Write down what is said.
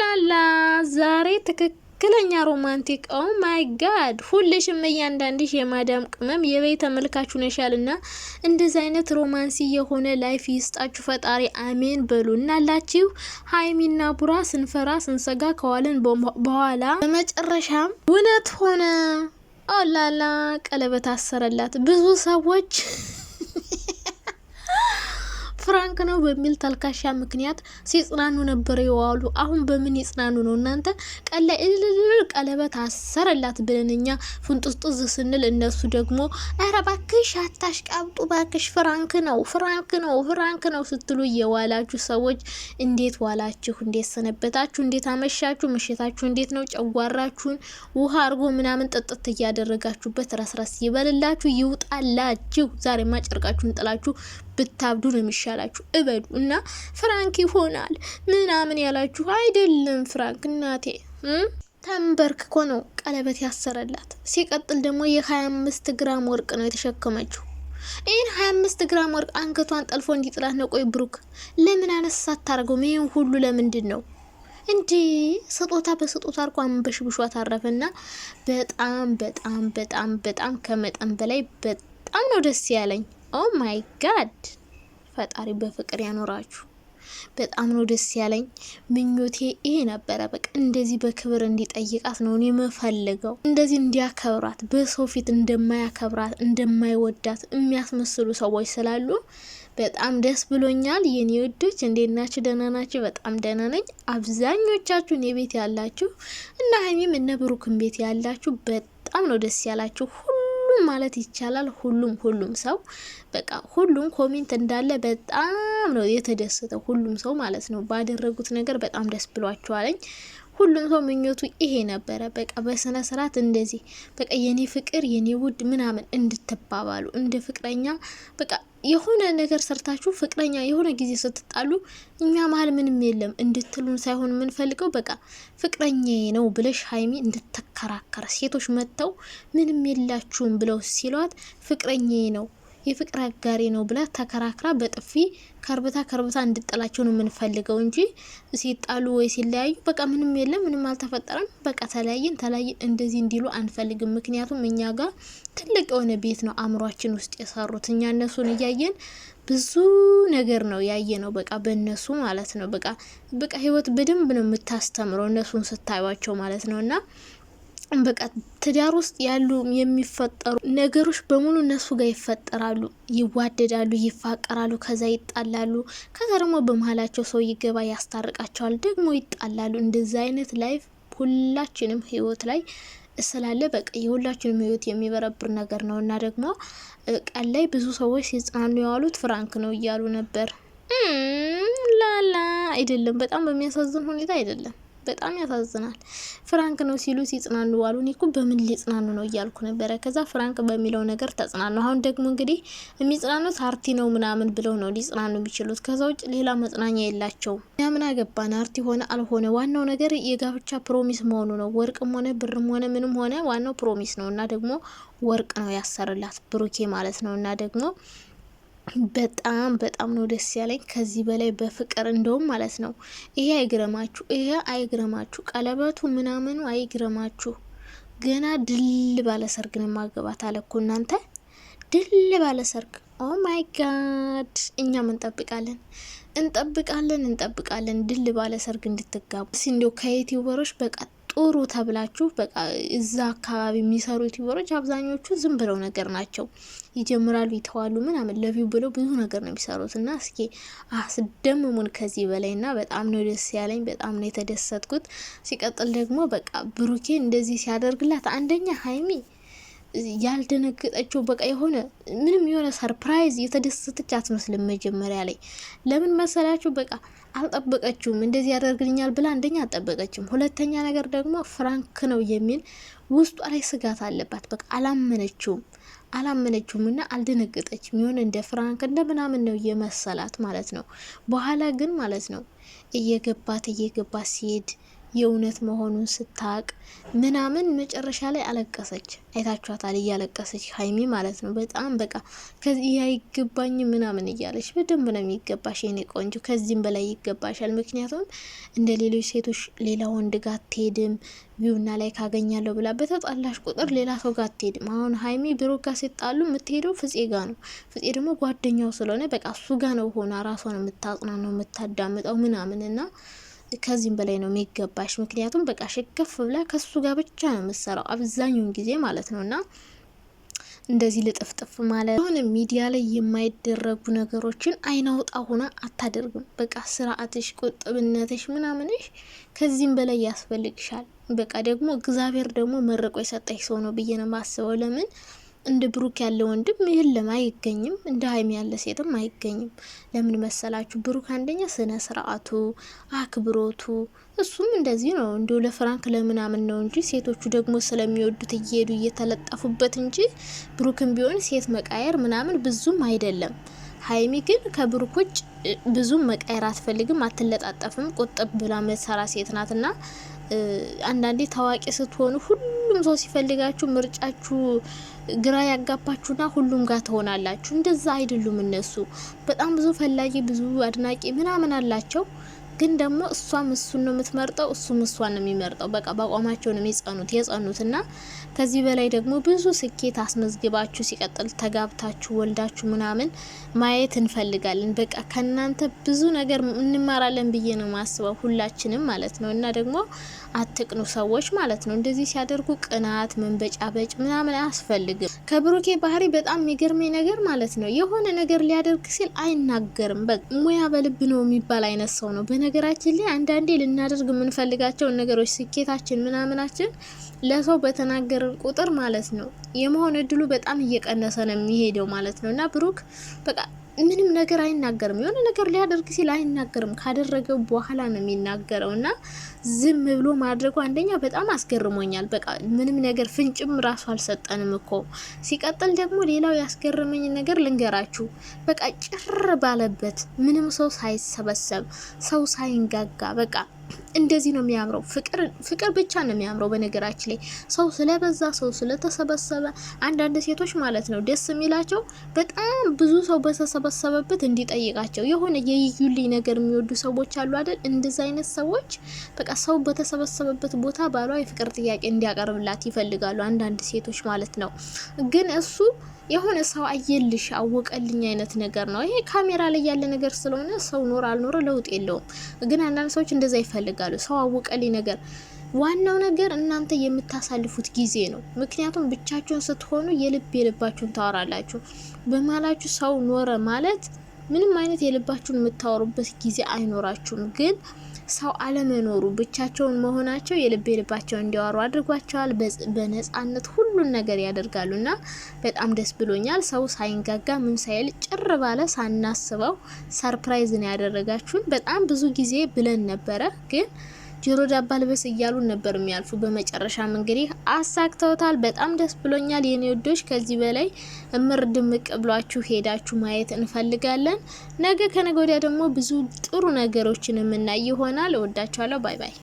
ላላ ዛሬ ትክክለኛ ሮማንቲክ ኦ ማይ ጋድ! ሁልሽም እያንዳንድሽ የማዳም ቅመም የበይ ተመልካች ሁነሻል እና እንደዚ አይነት ሮማንሲ የሆነ ላይፍ ይስጣችሁ ፈጣሪ አሜን በሉ እናላችሁ። ሀይሚና ቡራ ስንፈራ ስንሰጋ ከዋልን በኋላ በመጨረሻም እውነት ሆነ። ኦላላ ቀለበት አሰረላት። ብዙ ሰዎች ፍራንክ ነው በሚል ተልካሻ ምክንያት ሲጽናኑ ነበር የዋሉ። አሁን በምን ይጽናኑ ነው እናንተ? ቀለ እልልልል ቀለበት አሰረላት ብለን እኛ ፍንጡስጡዝ ስንል እነሱ ደግሞ ኧረ እባክሽ አታሽቃብጡ፣ እባክሽ ፍራንክ ነው ፍራንክ ነው ፍራንክ ነው ስትሉ የዋላችሁ ሰዎች እንዴት ዋላችሁ? እንዴት ሰነበታችሁ? እንዴት አመሻችሁ? ምሽታችሁ እንዴት ነው? ጨጓራችሁን ውሃ አርጎ ምናምን ጠጥት እያደረጋችሁበት ረስረስ ይበልላችሁ፣ ይውጣላችሁ። ዛሬማ ጨርቃችሁን ጥላችሁ ብታብዱ ነው የሚሻላችሁ። እበዱ እና ፍራንክ ይሆናል ምናምን ያላችሁ አይደለም። ፍራንክ እናቴ ተንበርክኮ ነው ቀለበት ያሰረላት። ሲቀጥል ደግሞ የ25 ግራም ወርቅ ነው የተሸከመችው። ይህን 25 ግራም ወርቅ አንገቷን ጠልፎ እንዲጥላት ነው። ቆይ ብሩክ ለምን አነሳ አታደርገውም? ይህን ሁሉ ለምንድን ነው እንዴ? ስጦታ በስጦታ አርጎ አንበሽብሿ ታረፈና በጣም በጣም በጣም በጣም ከመጠን በላይ በጣም ነው ደስ ያለኝ። ኦ ማይ ጋድ ፈጣሪ በፍቅር ያኖራችሁ። በጣም ነው ደስ ያለኝ። ምኞቴ ይሄ ነበረ። በቃ እንደዚህ በክብር እንዲጠይቃት ነው እኔ የምፈልገው። እንደዚህ እንዲያከብራት፣ በሰው ፊት እንደማያከብራት እንደማይወዳት የሚያስመስሉ ሰዎች ስላሉ በጣም ደስ ብሎኛል። የኔ ውዶች እንዴት ናችሁ? ደህና ናችሁ? በጣም ደህና ነኝ። አብዛኞቻችሁ እኔ ቤት ያላችሁ እና ሀይሚም እነ ብሩክን ቤት ያላችሁ በጣም ነው ደስ ያላችሁ። ሁሉ ሁሉም ማለት ይቻላል ሁሉም ሁሉም ሰው በቃ ሁሉም ኮሜንት እንዳለ በጣም ነው የተደሰተው ሁሉም ሰው ማለት ነው። ባደረጉት ነገር በጣም ደስ ብሏቸዋለኝ። ሁሉም ሰው ምኞቱ ይሄ ነበረ። በቃ በስነ ስርዓት እንደዚህ በቃ የኔ ፍቅር የኔ ውድ ምናምን እንድትባባሉ እንደ ፍቅረኛ በቃ የሆነ ነገር ሰርታችሁ ፍቅረኛ የሆነ ጊዜ ስትጣሉ እኛ መሀል ምንም የለም እንድትሉን ሳይሆን የምንፈልገው በቃ ፍቅረኛዬ ነው ብለሽ ሀይሚ እንድትከራከር ሴቶች መጥተው ምንም የላችሁም ብለው ሲሏት ፍቅረኛዬ ነው የፍቅር አጋሪ ነው ብላ ተከራክራ በጥፊ ከርብታ ከርብታ እንድጠላቸው ነው የምንፈልገው እንጂ ሲጣሉ ወይ ሲለያዩ በቃ ምንም የለም፣ ምንም አልተፈጠረም፣ በቃ ተለያየን ተለያየን እንደዚህ እንዲሉ አንፈልግም። ምክንያቱም እኛ ጋር ትልቅ የሆነ ቤት ነው አእምሯችን ውስጥ የሰሩት። እኛ እነሱን እያየን ብዙ ነገር ነው ያየ ነው በቃ በእነሱ ማለት ነው። በቃ በቃ ህይወት በደንብ ነው የምታስተምረው እነሱን ስታዩቸው ማለት ነው እና በቃ ትዳር ውስጥ ያሉ የሚፈጠሩ ነገሮች በሙሉ እነሱ ጋር ይፈጠራሉ። ይዋደዳሉ፣ ይፋቀራሉ፣ ከዛ ይጣላሉ። ከዛ ደግሞ በመሀላቸው ሰው ይገባ ያስታርቃቸዋል፣ ደግሞ ይጣላሉ። እንደዚ አይነት ላይፍ ሁላችንም ህይወት ላይ ስላለ በቃ የሁላችንም ህይወት የሚበረብር ነገር ነው እና ደግሞ ቀን ላይ ብዙ ሰዎች ሲጽናኑ የዋሉት ፍራንክ ነው እያሉ ነበር። ላላ አይደለም፣ በጣም በሚያሳዝን ሁኔታ አይደለም። በጣም ያሳዝናል። ፍራንክ ነው ሲሉ ሲጽናኑ ዋሉ። እኔ እኮ በምን ሊጽናኑ ነው እያልኩ ነበረ። ከዛ ፍራንክ በሚለው ነገር ተጽናኑ። አሁን ደግሞ እንግዲህ የሚጽናኑት አርቲ ነው ምናምን ብለው ነው ሊጽናኑ የሚችሉት። ከዛ ውጭ ሌላ መጽናኛ የላቸውም። ያ ምን አገባን አርቲ ሆነ አልሆነ፣ ዋናው ነገር የጋብቻ ፕሮሚስ መሆኑ ነው። ወርቅም ሆነ ብርም ሆነ ምንም ሆነ ዋናው ፕሮሚስ ነው እና ደግሞ ወርቅ ነው ያሰርላት ብሩኬ ማለት ነው እና ደግሞ በጣም በጣም ነው ደስ ያለኝ። ከዚህ በላይ በፍቅር እንደውም ማለት ነው። ይሄ አይግረማችሁ፣ ይሄ አይግረማችሁ፣ ቀለበቱ ምናምኑ አይግረማችሁ። ገና ድል ባለ ሰርግ ነው ማገባት አለኩ እናንተ፣ ድል ባለ ሰርግ። ኦ ማይ ጋድ! እኛም እንጠብቃለን እንጠብቃለን እንጠብቃለን ድል ባለ ሰርግ እንድትጋቡ እንዲው ከዩቲዩበሮች በቃ ጥሩ ተብላችሁ በቃ እዛ አካባቢ የሚሰሩ ዩቲዩበሮች አብዛኞቹ ዝም ብለው ነገር ናቸው። ይጀምራሉ፣ ይተዋሉ፣ ምናምን ለቪው ብለው ብዙ ነገር ነው የሚሰሩት እና እስኪ አስደምሙን ከዚህ በላይ እና በጣም ነው ደስ ያለኝ፣ በጣም ነው የተደሰትኩት። ሲቀጥል ደግሞ በቃ ብሩኬ እንደዚህ ሲያደርግላት አንደኛ ሀይሚ ያልደነገጠችው በቃ የሆነ ምንም የሆነ ሰርፕራይዝ የተደሰተች አትመስልም። መጀመሪያ ላይ ለምን መሰላችሁ? በቃ አልጠበቀችውም፣ እንደዚህ ያደርግልኛል ብላ አንደኛ አልጠበቀችም። ሁለተኛ ነገር ደግሞ ፍራንክ ነው የሚል ውስጧ ላይ ስጋት አለባት። በቃ አላመነችውም አላመነችውም እና አልደነገጠችም። የሆነ እንደ ፍራንክ እንደ ምናምን ነው የመሰላት ማለት ነው። በኋላ ግን ማለት ነው እየገባት እየገባት ሲሄድ የእውነት መሆኑን ስታቅ ምናምን መጨረሻ ላይ አለቀሰች። አይታችኋታል፣ እያለቀሰች ሀይሚ ማለት ነው። በጣም በቃ ከዚህ አይገባኝ ምናምን እያለች በደንብ ነው የሚገባሽ የኔ ቆንጆ፣ ከዚህም በላይ ይገባሻል። ምክንያቱም እንደ ሌሎች ሴቶች ሌላ ወንድ ጋር አትሄድም። ቢውና ላይ ካገኛለሁ ብላ በተጣላሽ ቁጥር ሌላ ሰው ጋር አትሄድም። አሁን ሀይሚ ብሮ ጋር ሲጣሉ የምትሄደው ፍጼ ጋ ነው። ፍጼ ደግሞ ጓደኛው ስለሆነ በቃ እሱ ጋ ነው ሆና ራሷን ነው የምታዳምጠው ምናምን እና ከዚህም በላይ ነው የሚገባሽ። ምክንያቱም በቃ ሸከፍ ብላ ከሱ ጋር ብቻ ነው የምትሰራው አብዛኛውን ጊዜ ማለት ነው እና እንደዚህ ልጥፍጥፍ ማለት አሁን ሚዲያ ላይ የማይደረጉ ነገሮችን አይናውጣ ሆና አታደርግም። በቃ ስርዓትሽ፣ ቁጥብነትሽ ምናምንሽ ከዚህም በላይ ያስፈልግሻል። በቃ ደግሞ እግዚአብሔር ደግሞ መርቆ የሰጠሽ ሰው ነው ብዬ ነው የማስበው ለምን እንደ ብሩክ ያለ ወንድም የለም፣ አይገኝም። እንደ ሀይሚ ያለ ሴትም አይገኝም። ለምን መሰላችሁ? ብሩክ አንደኛ ስነ ስርዓቱ፣ አክብሮቱ እሱም እንደዚህ ነው። እንዲሁ ለፍራንክ ለምናምን ነው እንጂ ሴቶቹ ደግሞ ስለሚወዱት እየሄዱ እየተለጠፉበት እንጂ ብሩክም ቢሆን ሴት መቃየር ምናምን ብዙም አይደለም። ሀይሚ ግን ከብሩክ ውጭ ብዙም መቃየር አትፈልግም፣ አትለጣጠፍም። ቁጥብ ብላ መሰራ ሴት ናትና አንዳንዴ ታዋቂ ስትሆኑ ሁሉም ሰው ሲፈልጋችሁ ምርጫችሁ ግራ ያጋባችሁና ሁሉም ጋር ትሆናላችሁ። እንደዛ አይደሉም እነሱ። በጣም ብዙ ፈላጊ፣ ብዙ አድናቂ ምናምን አላቸው። ግን ደግሞ እሷም እሱን ነው የምትመርጠው፣ እሱም እሷን ነው የሚመርጠው። በቃ በአቋማቸው ነው የጸኑት የጸኑት እና ከዚህ በላይ ደግሞ ብዙ ስኬት አስመዝግባችሁ ሲቀጥል ተጋብታችሁ ወልዳችሁ ምናምን ማየት እንፈልጋለን። በቃ ከእናንተ ብዙ ነገር እንማራለን ብዬ ነው ማስበው ሁላችንም ማለት ነው። እና ደግሞ አትቅኑ ሰዎች ማለት ነው። እንደዚህ ሲያደርጉ ቅናት፣ መንበጫ በጭ ምናምን አያስፈልግም። ከብሩኬ ባህሪ በጣም የሚገርመኝ ነገር ማለት ነው የሆነ ነገር ሊያደርግ ሲል አይናገርም። በሙያ ሙያ በልብ ነው የሚባል አይነት ሰው ነው። በነገራችን ላይ አንዳንዴ ልናደርግ የምንፈልጋቸውን ነገሮች ስኬታችን ምናምናችን ለሰው በተናገርን ቁጥር ማለት ነው የመሆን እድሉ በጣም እየቀነሰ ነው የሚሄደው ማለት ነው እና ብሩክ በቃ ምንም ነገር አይናገርም። የሆነ ነገር ሊያደርግ ሲል አይናገርም። ካደረገው በኋላ ነው የሚናገረው እና ዝም ብሎ ማድረጉ አንደኛ በጣም አስገርሞኛል። በቃ ምንም ነገር ፍንጭም ራሱ አልሰጠንም እኮ። ሲቀጥል ደግሞ ሌላው ያስገረመኝ ነገር ልንገራችሁ። በቃ ጭር ባለበት ምንም ሰው ሳይሰበሰብ ሰው ሳይንጋጋ በቃ እንደዚህ ነው የሚያምረው። ፍቅር ፍቅር ብቻ ነው የሚያምረው። በነገራችን ላይ ሰው ስለበዛ፣ ሰው ስለተሰበሰበ አንዳንድ ሴቶች ማለት ነው ደስ የሚላቸው በጣም ብዙ ሰው በተሰበሰበበት እንዲጠይቃቸው የሆነ የዩልኝ ነገር የሚወዱ ሰዎች አሉ አይደል? እንደዚ አይነት ሰዎች በቃ ሰው በተሰበሰበበት ቦታ ባሏ የፍቅር ጥያቄ እንዲያቀርብላት ይፈልጋሉ አንዳንድ ሴቶች ማለት ነው ግን እሱ የሆነ ሰው አየልሽ አወቀልኝ አይነት ነገር ነው። ይሄ ካሜራ ላይ ያለ ነገር ስለሆነ ሰው ኖረ አልኖረ ለውጥ የለውም። ግን አንዳንድ ሰዎች እንደዛ ይፈልጋሉ፣ ሰው አወቀልኝ ነገር። ዋናው ነገር እናንተ የምታሳልፉት ጊዜ ነው። ምክንያቱም ብቻችሁን ስትሆኑ የልብ የልባችሁን ታወራላችሁ። በማላችሁ ሰው ኖረ ማለት ምንም አይነት የልባችሁን የምታወሩበት ጊዜ አይኖራችሁም። ግን ሰው አለመኖሩ ብቻቸውን መሆናቸው የልብ የልባቸውን እንዲያወሩ አድርጓቸዋል። በነጻነት ሁሉን ነገር ያደርጋሉ እና በጣም ደስ ብሎኛል። ሰው ሳይንጋጋ ምን ሳይል ጭር ባለ ሳናስበው ሰርፕራይዝ ነው ያደረጋችሁን። በጣም ብዙ ጊዜ ብለን ነበረ ግን ጆሮ ዳባ ልበስ እያሉን ነበር የሚያልፉ። በመጨረሻም እንግዲህ አሳክተውታል። በጣም ደስ ብሎኛል የኔ ውዶች። ከዚህ በላይ እምር ድምቅ ብሏችሁ ሄዳችሁ ማየት እንፈልጋለን። ነገ ከነገ ወዲያ ደግሞ ብዙ ጥሩ ነገሮችን የምናይ ይሆናል። እወዳችኋለሁ። ባይ ባይ።